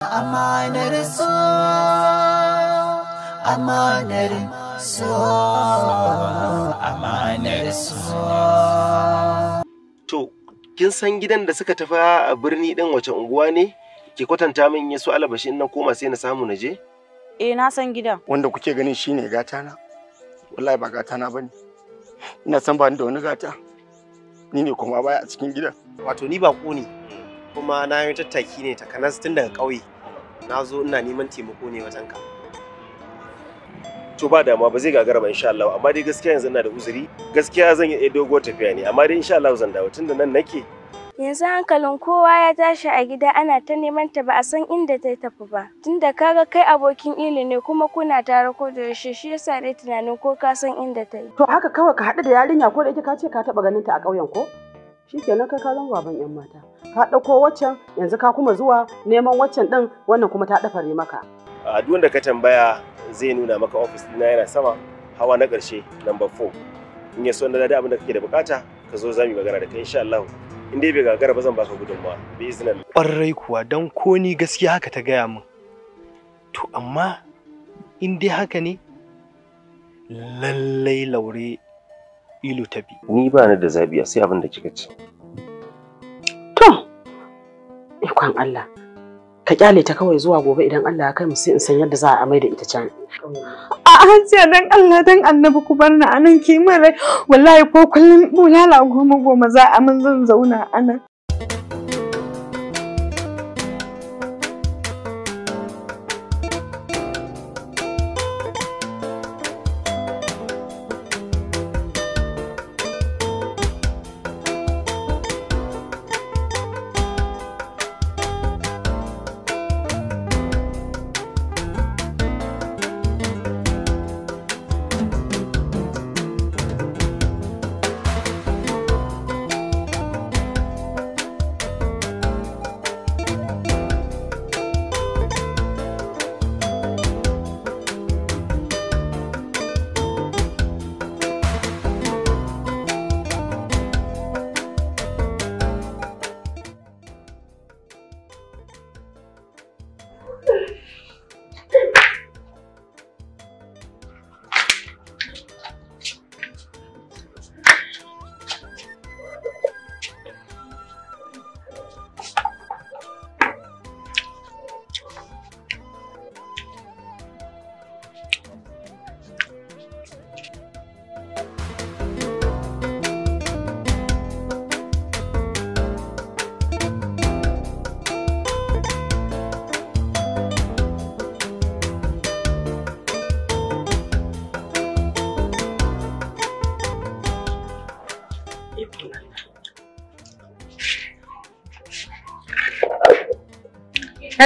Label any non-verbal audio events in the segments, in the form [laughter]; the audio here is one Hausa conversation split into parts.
Amanar amanar amanar To, kin san gidan da suka tafi a birni ɗin wace unguwa ne? ke kwatanta min ya su alabashi na koma sai na samu na je? Eh, na san gidan. Wanda kuke ganin shine gata na. Wallahi ba gata na bane. Ina san ba ni da wani gata. Ni ne kuma baya a cikin gidan. Wato ni ba ne. kuma na yi tattaki ne takanas tun daga ƙauye na zo ina neman taimako ne wajen ka to ba dama ba zai gagara ba insha Allah amma dai gaskiya yanzu ina da uzuri gaskiya zan iya eh dogo tafiya ne amma dai insha Allah zan dawo tunda nan nake yanzu hankalin kowa ya tashi a gida ana ta neman ta ba a san inda ta tafi ba tunda kaga kai abokin ilimi ne kuma kuna tare ko da yaushe shi yasa dai tunanin ko ka san inda ta yi to haka kawai ka haɗu da yarinya ko da yake ka ce ka taɓa ganin ta a ƙauyen ko shikenan kai ka zama baban yan mata ka ɗauko waccan yanzu ka kuma zuwa neman waccan ɗin wannan kuma ta ɗafare maka a duk wanda ka tambaya zai nuna maka ofis dina yana sama hawa na karshe number 4 in ya so na da abin da kake da bukata ka zo za magana da kai insha Allah in dai bai gagara ba zan baka gudunmawa bi izinin ƙwarai kuwa dan ko ni gaskiya haka ta gaya min to amma in dai haka ne lallai laure ilu ta bi. Ni ba ni da zabiya sai abin da kika ci. To, ikon Allah, ka kyale ta kawai zuwa gobe idan Allah ya kai mu sai in san yadda za a mai da ita can. A hajiya dan Allah dan annabi ku bar ni anan ki min wallahi ko kullum bulala goma goma za a min zan zauna anan.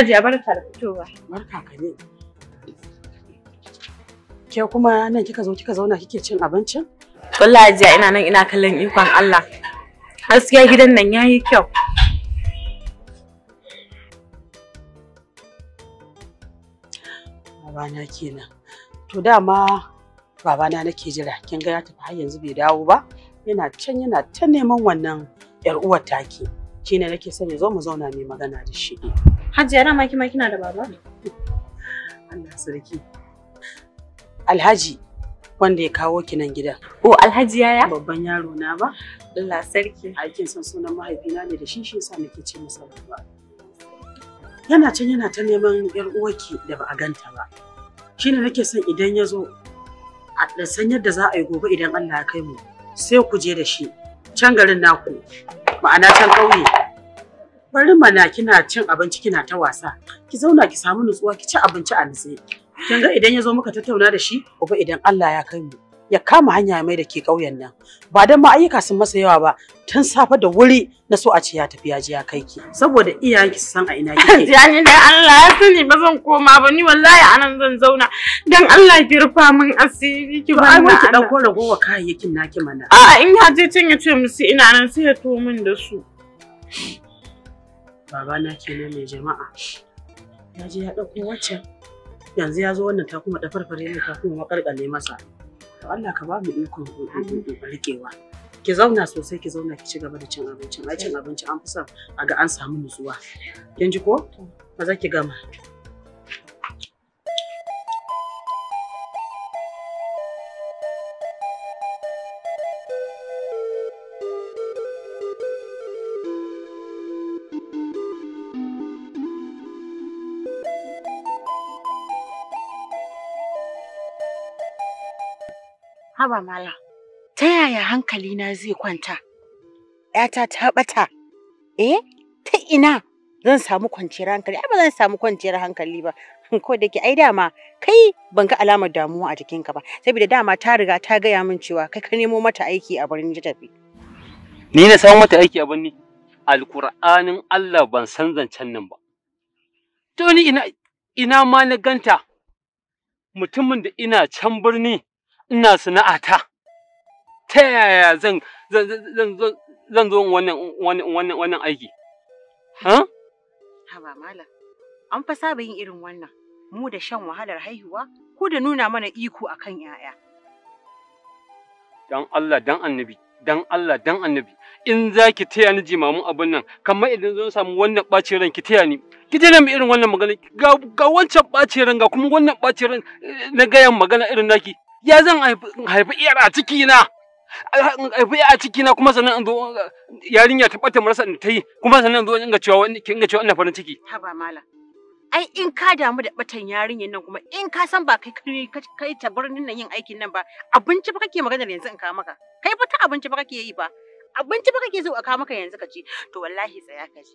Hajiya barka da fitowa. Barka ka ne. Ke kuma nan kika zo kika zauna kike cin abincin? Wallahi Hajiya ina nan ina kallon ikon Allah. Gaskiya gidan nan yayi kyau. Babana kenan. To dama babana nake jira kin ga ya tafi har yanzu bai dawo ba. Yana can yana ta neman wannan 'yar uwar take. Kina nake son ya zo mu zauna mai magana da shi. Hajiya dama maki da baba? Alhaji wanda ya kawo ki nan gida Oh Alhaji yaya? Babban yaro na ba. Allah sarki. Aikin san sunan mahaifina ne da shi shi yasa nake ce masa baba. Yana can yana ta neman yar uwarki da ba a ganta ba. Shine nake son idan ya zo a san yadda za a yi gobe idan Allah ya kai mu sai ku je da shi can garin naku ma'ana can ƙauye. bari mana kina cin abinci kina ta wasa ki zauna ki samu nutsuwa ki ci abinci a nutse kin ga idan ya zo muka tattauna da shi gobe idan Allah ya kai mu ya kama hanya mai da ke ƙauyen nan ba dan ma ayyuka sun masa yawa ba tun safe da wuri na so a ce ya tafi ya ji ya kai ki saboda iyayenki su san a ina kike ya [laughs] ni dai Allah ya sani ba zan koma ba ni wallahi anan zan zauna dan Allah ki rufa min asiri ki ba ni ki dauko ragowa kayayyakin naki mana a'a in ya je can ya ce musu ina nan sai ya to min da su babana kenan mai jama'a ya ya ɗauko waccan yanzu ya zo wannan ta kuma da farfare ne ta kuma makarƙale masa to Allah ka ba mu ikon rikewa ki zauna sosai ki zauna ki ci gaba da cin abinci ai cin abinci an fi son a ga an samu nutsuwa kin ji ko ba za ki gama Haba mala ta yaya hankalina zai kwanta? ‘Yata ta ɓata, eh, ta ina zan samu kwanciyar hankali? Ai, ba zan samu kwanciyar hankali ba. [laughs] Ko da ke ai dama kai ban ga alamar damuwa a jikinka ba, saboda dama ta riga ta gaya min cewa kai ka nemo mata aiki a birnin tafi. Ni na samu mata aiki a birni? Alƙur'anin Allah ban san zancen nan ba. To ni ina ina ma na ganta mutumin da ina can birni ina sana'ata ta yaya zan zan zan zan zo wannan wannan wannan aiki ha haba malam an fa saba yin irin wannan mu da shan wahalar haihuwa ko da nuna mana iko akan yaya dan Allah dan annabi dan Allah dan annabi in za ki taya ni jimamin abin nan kamar idan zan samu wannan ɓacin ran ki taya ni ki taya mu irin wannan magana ga wancan ɓacin ran ga kuma wannan ɓacin ran eh, na gayan magana irin naki ya zan haifi iyar a ciki na haifi a ciki na kuma sannan in zo yarinya ta bata marasa ta yi kuma sannan in zo in cewa wani kin ga cewa ina farin ciki haba malam ai in ka damu da batan yarinyar nan kuma in ka san ba kai kai ta birnin nan yin aikin nan ba abinci ba kake maganar yanzu in ka maka kai ba ta abinci ba kake yi ba abinci ba kake so a kawo maka yanzu ka ce to wallahi tsaya ka ji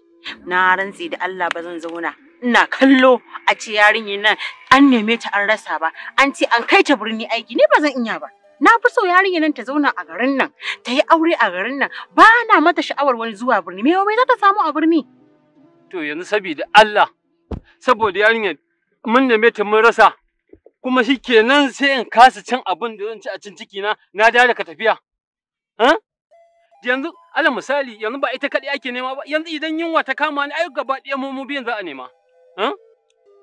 na rantsi da Allah ba zan zauna ina kallo a ce yarinya nan an neme ta an rasa ba an ce an kai ta birni aiki ni ba zan iya ba na fi so yarinya nan ta zauna a garin nan ta yi aure a garin nan ba na mata sha'awar wani zuwa birni me wai za ta samu a birni to yanzu saboda Allah saboda yarinya mun neme ta mun rasa kuma shikenan sai in kasa cin abin da zan ci a cin ciki na na da ka tafiya yanzu alal misali yanzu ba ita kaɗai ake nema ba yanzu idan yunwa ta kama ni ai gaba ɗaya mu biyan za a nema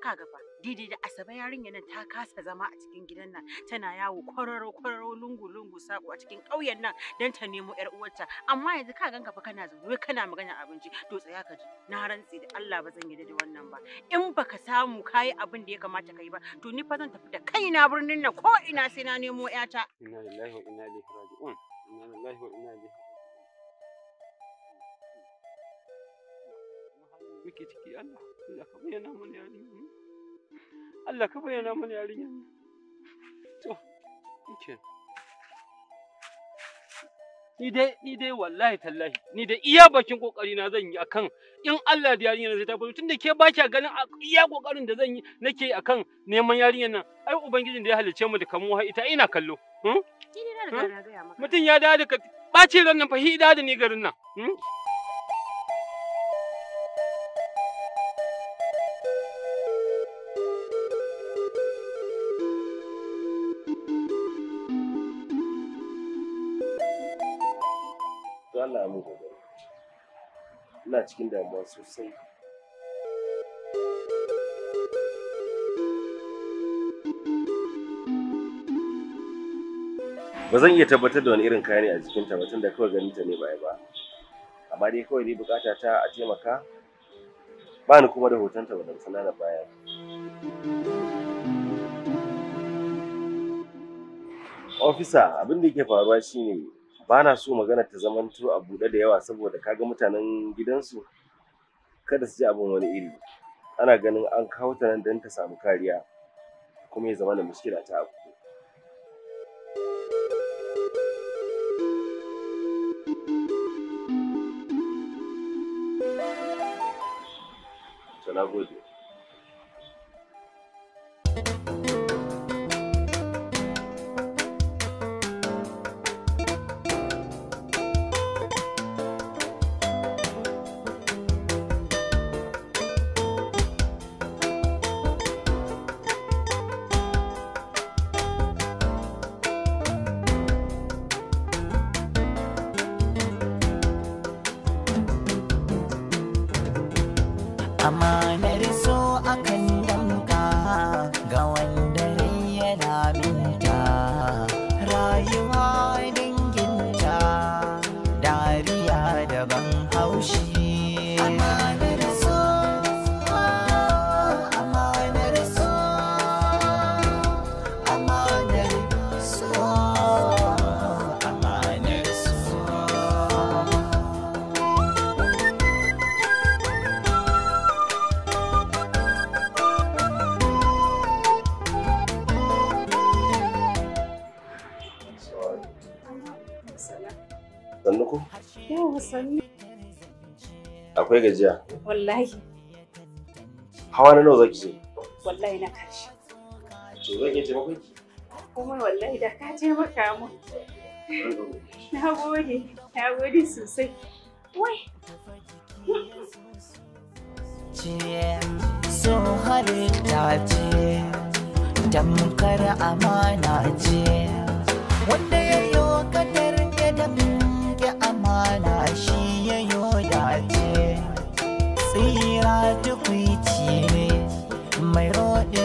Kaga fa, daidai da Asabe yarinya nan ta kasa zama a cikin gidan nan, tana yawo kwararo kwararo lungu lungu sako a cikin ƙauyen nan don ta nemo ƴar uwarta. Amma yanzu ka ganka fa kana zaune kana magana abinci, to tsaya ka ji. Na rantse da Allah ba zan yi da wannan ba. In baka samu kayi abin da ya kamata kayi ba, to ni fa zan tafi da kaina birnin nan ko ina sai na nemo ƴata. Inna lillahi wa inna ilaihi raji'un. Inna lillahi wa inna ilaihi Muke ciki Allah. Allah ka bayyana mana yarinya Allah ka bayyana mana yarinya to kike ni dai ni dai wallahi tallahi ni dai iya bakin kokari na zan yi akan in Allah da yarinya zai ta fito tunda ke ba kya ganin iya kokarin da zan yi nake akan neman yarinyar nan ai ubangijin da ya halice mu da kamo ita ina kallo hmm? hmm? mutum ya dawo da ɓacin ran nan fa hida da ni garin nan hmm? ina cikin damuwa sosai ba zan iya tabbatar da wani irin kaya ne a jikinta ba tunda kawai ganin ta ne ba ba amma dai kawai dai bukata ta a taimaka ba ni kuma da hotonta wadda sana da baya ofisa abin da yake faruwa shine ba na so magana ta zamanto a buɗe da yawa saboda kaga mutanen gidansu kada su ji abin wani iri ana ganin an kawo ta nan don ta samu kariya kuma ya zama da muskila ta abu na gode mine. ko? Yawa sannu. Akwai gajiya? Wallahi. Hawa na nawa zaki je? Wallahi na kashi. To zan iya taimakon ki? Komai wallahi da ka je maka mu. Na gode, na gode sosai. Wai. Ciye So ta ce, damkar amana ce, wanda shi ya yi dace tsira tukwici ne mai roɗe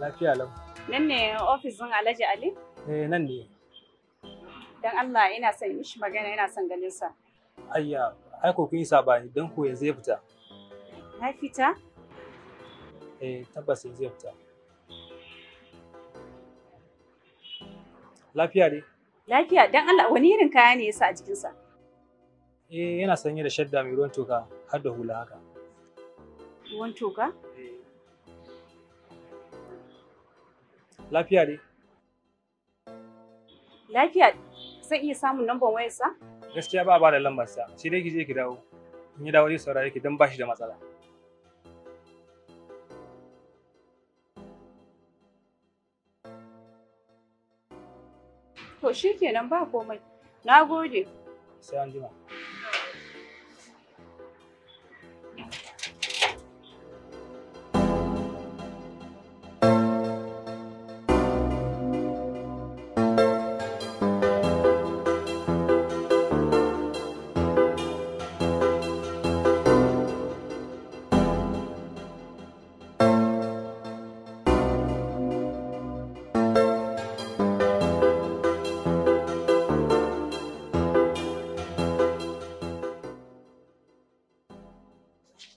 Lafiya lau. Nan ne ofisin Alhaji Ali? Eh nan ne. Dan Allah ina son mishi magana ina son ganin sa. Ayya, ai ko kun yi sabani dan ko yanzu ya fita. Na fita? Eh tabbas yanzu ya fita. Lafiya ne? Lafiya dan Allah wani irin kaya ne yasa a jikinsa? Eh yana sanye da shadda mai ruwan toka har da hula haka. Ruwan toka? Lafiya ne? Lafiya zai iya samun lambar wayarsa? Gaskiya ba ba da lambar sa, sai dai ki je ki dawo. In ya dawo zai saurare ki don ba shi da matsala. To shikenan ba komai. Na gode. Sai an jima.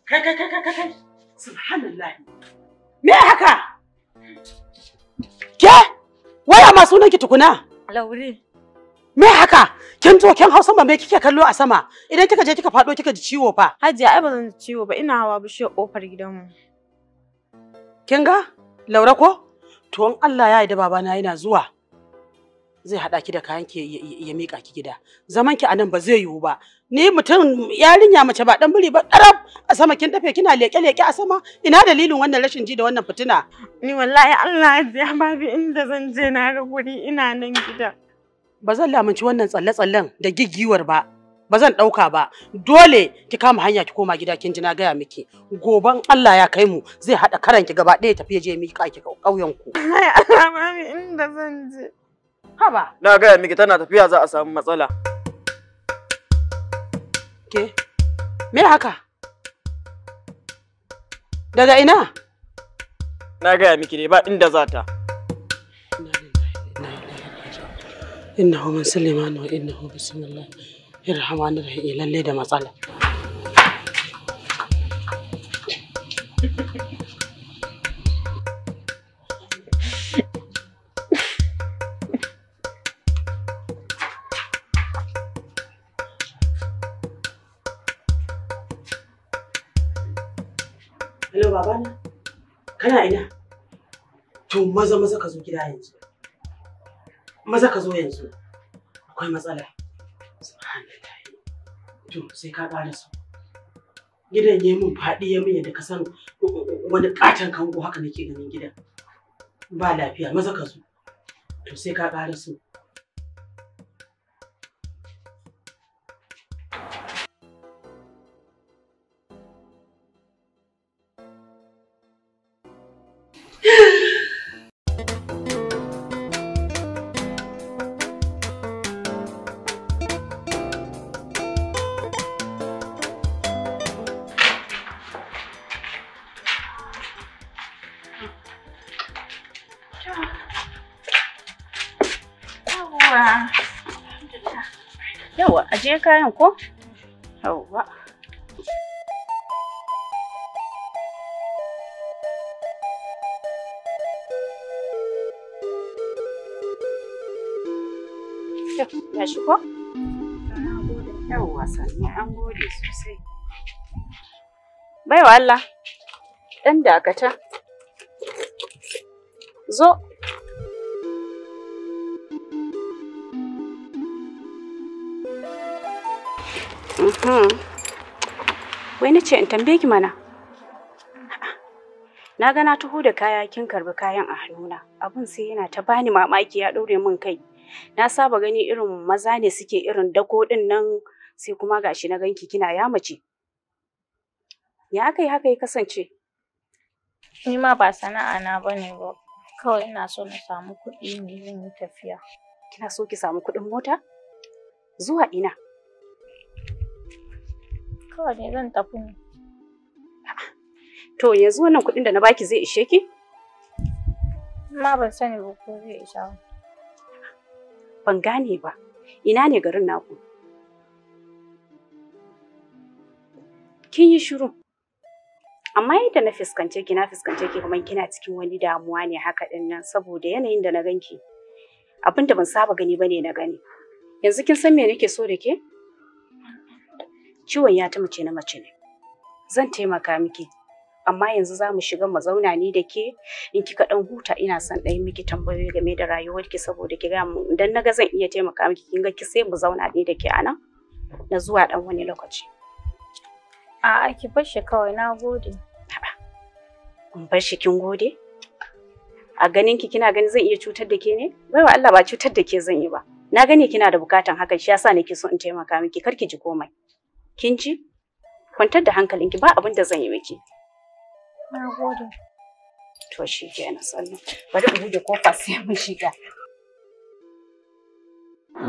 Kai kai kai kai kai. Subhanallah. Me haka? Ke? Waya ma sunan ki tukuna? Laure. Me haka? Kin zo kin hausa ba me kike kallo a sama? Idan kika je kika fado kika ji ciwo fa. Hajiya ai ba zan ji ciwo ba ina hawa bishiyar kofar gidanmu. Kin ga? Laure ko? To in Allah ya da babana yana zuwa. zai hada ki da kayan ki ya mika ki gida zaman ki anan ba zai yiwu ba ni mutum yarinya mace ba dan biri ba ɗarab a sama kin dafe kina leke leke a sama ina dalilin wannan rashin ji da wannan fitina ni wallahi Allah ya babu inda zan je na ga guri ina nan gida ba zan lamunci wannan tsalle-tsallen da giggiwar ba ba zan ɗauka ba dole ki kama hanya ki koma gida kin ji na gaya miki goban Allah ya kai mu zai haɗa karanki gaba ɗaya tafiye je mika ki kauyen ku. Ai Allah mami inda zan je. Haba. Na gaya miki tana tafiya za a samu matsala. Ke, me haka? Daga ina? Na gaya miki ne ba inda za ta. hu min Suleiman wa hu bismillah. Irhamani rahim lalle da matsala. Hello babana. Kana ina? To maza maza ka zo gida yanzu. Maza ka zo yanzu. Akwai matsala. To sai ka ƙara su. Gidan ya mun faɗi ya min yadda ka san wani ƙaton kango haka nake ganin gidan. Ba lafiya maza ka zo. To sai ka ƙara su. ajiye kayan ko? Yawwa. Ya shi ko? Yawwa sani an gode sosai. Baiwa Allah, ɗan dakata. Zo, Mm-hmm. Wai na ce in tambaye ki mana. Na ga na taho da kaya kin karbi kayan a hannuna. Abun sai yana ta bani mamaki ya ɗaure min kai. Na saba gani irin maza ne suke irin dako ɗin nan sai kuma gashi na ganki kina ya mace? Ya aka yi haka ya kasance? Ni ma ba sana'a na bane ba. Kawai ina so na samu kuɗi ne yin tafiya. Kina so ki samu kuɗin mota? Zuwa ina? Kawai ne zan tafi ne. To yanzu wannan kuɗin da na baki zai ishe ki? Ma ban sani ba ko zai isha ba. Ban gane ba. Ina ne garin naku? Kin yi shiru. Amma yadda na fuskance ki na fuskance ki kuma kina cikin wani damuwa ne haka din nan saboda yanayin da na ganki. Abin da ban saba gani bane na gani. Yanzu kin san me nake so da ke? ciwon ya ta mace na mace ne zan taimaka miki amma yanzu za mu shiga mu zauna ni da ke in kika dan huta ina son ɗaya miki tambayoyi game da rayuwarki saboda ki mu idan naga zan iya taimaka miki kin ga ki sai mu zauna ni da ke anan na zuwa dan wani lokaci a'a ki bashi kawai na gode in bar kin gode a ganin ki kina gani zan iya cutar da ke ne baiwa Allah ba cutar da ke zan yi ba na gani kina da bukatan hakan shi yasa nake so in taimaka miki kar ki ji komai Kin ji? Kwantar da hankalinki ba abin da zan yi miki. Na gode. To shi na sallu. Bari in buɗe kofa sai mun shiga.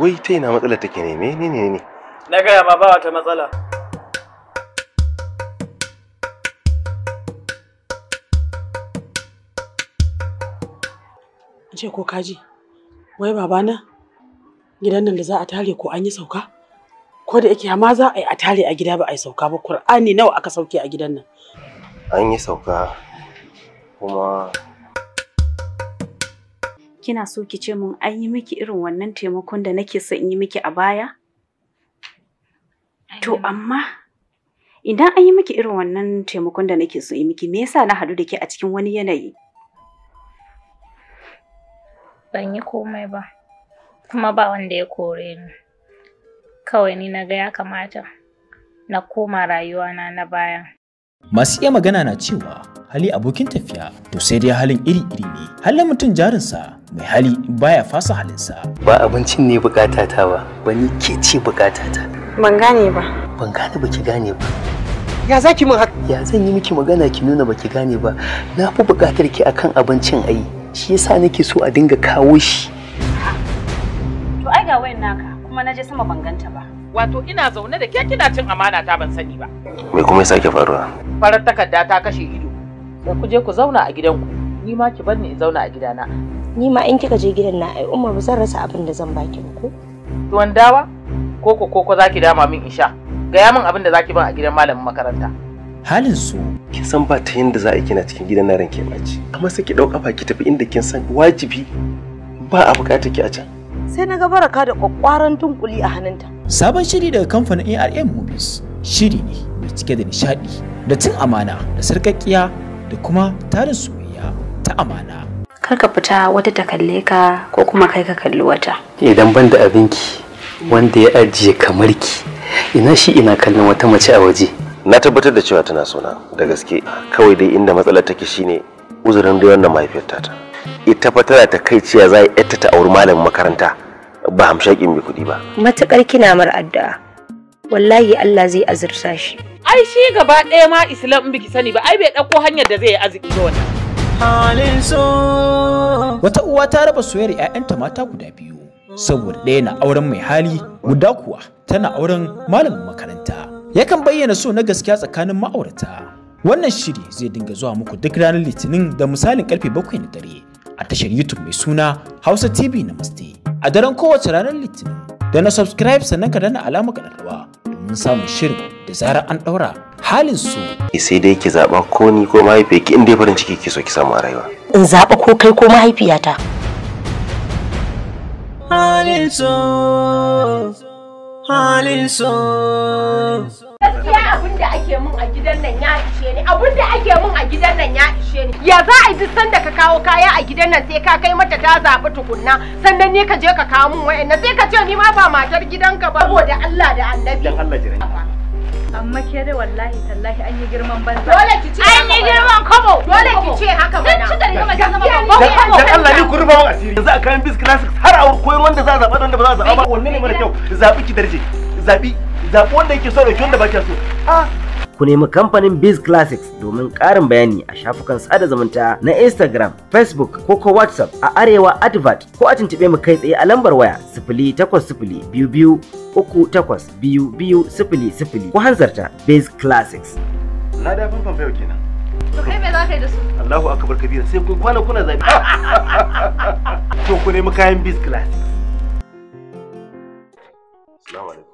Wai ta ina matsalar take ne? Menene ne? Na gaya ma ba wata matsala. ce ko kaji wai babana gidan nan da za a tare ko an yi sauka ko da yake ma za a yi a tare a gida ba a yi sauka ba Kur'ani nawa aka sauke a gidan nan an yi sauka kuma kina so ki ce mun an yi miki irin wannan taimakon da nake son in yi miki a baya to amma idan an yi miki irin wannan taimakon da nake so yi miki me yasa na hadu da ke a cikin wani yanayi ban yi komai ba kuma ba wanda ya kore ni Kawai ni na ga ya kamata na koma rayuwana na baya. Masu iya magana na cewa hali abokin tafiya to sai dai halin iri-iri ne. Halin mutum jarinsa mai hali baya fasa halinsa. Ba abincin ne ta ba, wani ke ce ta. Ban gane ba. Ban gane ba ki gane ba. Ya za ki min haka? Ya zan yi miki magana ki nuna ba ki gane ba. Na fi bukatar ki akan abincin ai. Shi yasa nake so a dinga kawo shi. To ai ga wayan naka. kuma na je sama ban ba. Wato ina zaune da ke kina cin amana ta ban sani ba. Me kuma ya sake faruwa? Farar takarda ta kashe ido. Sai ku je ku zauna a gidanku. Ni ma ki bar ni in zauna a gidana. Ni ma in kika je gidan na ai Umar zan rasa abin da zan baki ku. Tuwon dawa? ko Koko za ki dama min in sha. Gaya min abin da zaki ban a gidan malamin makaranta. halin su kin san ba ta yanda za a kina cikin gidan na ranke ɓaci amma sai ki ɗau kafa ki tafi inda kin san wajibi ba a bukata ki a can sai na ga baraka da kwakwaran tunkuli a hannunta. Sabon shiri daga kamfanin ARM Movies shiri ne mai cike da nishadi da cin amana da sarkakkiya da kuma tarin soyayya ta amana. Kar ka fita wata ta kalle ka ko kuma kai ka kalli wata. Idan ban da abinki wanda ya ajiye kamar ki ina shi ina kallon wata mace a waje. Na tabbatar da cewa tana sona da gaske kawai dai inda matsalar take shine uzurin da wannan mahaifiyar ta ita fa tana ta kai ciya za a ta auri malamin makaranta ba hamshakin mai kuɗi ba matukar kina mar addu'a wallahi Allah zai azurta shi ai shi gaba ɗaya ma islam in biki sani ba ai bai ɗauko hanyar da zai yi arziki ga wannan halin so wata uwa ta raba soyayyar 'ya'yanta mata guda biyu saboda ɗaya na auren mai hali guda kuwa tana auren malamin makaranta yakan bayyana so na gaskiya tsakanin ma'aurata wannan shiri zai dinga zuwa muku duk ranar litinin da misalin karfe bakwai na dare a tashar YouTube mai suna Hausa TV Namaste. A daren kowace ranar Litinin, da na subscribe sannan ka dana alamar kaɗarwa domin samun shirin da zarar an ɗaura halin su. Eh, sai dai ki zaɓa ko ni ko mahaifiya ki inda farin ciki ke so ki samu a rayuwa. In zaɓa ko kai ko mahaifiyata. Halin su, halin su. gaskiya abin da ake mun a gidan nan ya ishe ni abin da ake mun a gidan nan ya ishe ni ya za a yi duk sanda ka kawo kaya a gidan nan sai ka kai mata ta zaɓi tukunna sannan ne ka je ka kawo mun wa'annan sai ka ce ni ma ba matar gidanka ba saboda Allah da annabi dan Allah jira amma ke dai wallahi tallahi an yi girman banza dole ki ce an yi girman kobo dole ki ce haka mana dan ci da mace zama ba. kobo dan Allah ni ku rufa mun asiri yanzu a kayan bis classics har a koyon wanda za a zaɓa wanda ba za a zaɓa ba wanne ne mara kyau zaɓi ki darje zaɓi zaɓi wanda yake so da wanda ba so ku nemi kamfanin Biz Classics domin ƙarin bayani a shafukan sada zumunta na Instagram, Facebook ko ko WhatsApp a Arewa Advert ko a tuntuɓe mu kai tsaye a lambar waya sifili ko hanzarta Biz Classics. Na da fanfan fayo kenan. To kai me za ka yi da su? Allahu akbar kabira sai kun kwana kuna zabi. [laughs] To ku nemi kayan Biz Classics. Assalamu alaikum.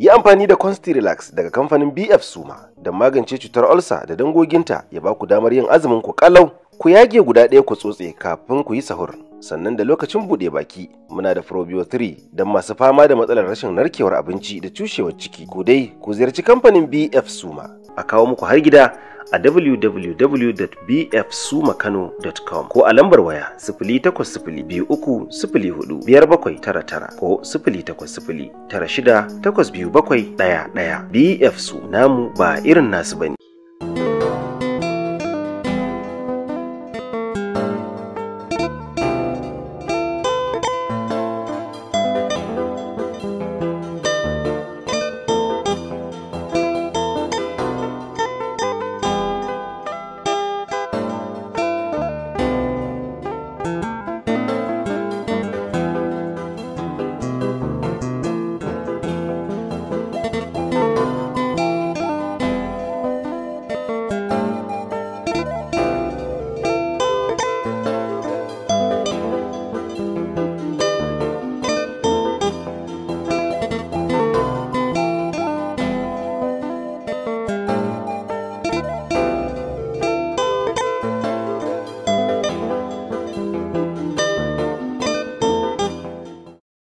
Yi amfani da Consti Relax daga kamfanin BF Suma don magance cutar olsa da dangoginta ya ba ku damar yin azumin ku kalau ku yage guda ɗaya ku tsotse kafin ku yi sahur. sannan da lokacin buɗe baki muna da probio 3 don masu fama da matsalar rashin narkewar abinci da cushewar ciki ku dai ku ziyarci kamfanin bf suma a kawo muku har gida a www.bfsumakano.com ko a lambar waya 08023045799 ko ɗaya-ɗaya. bf su namu ba irin nasu bane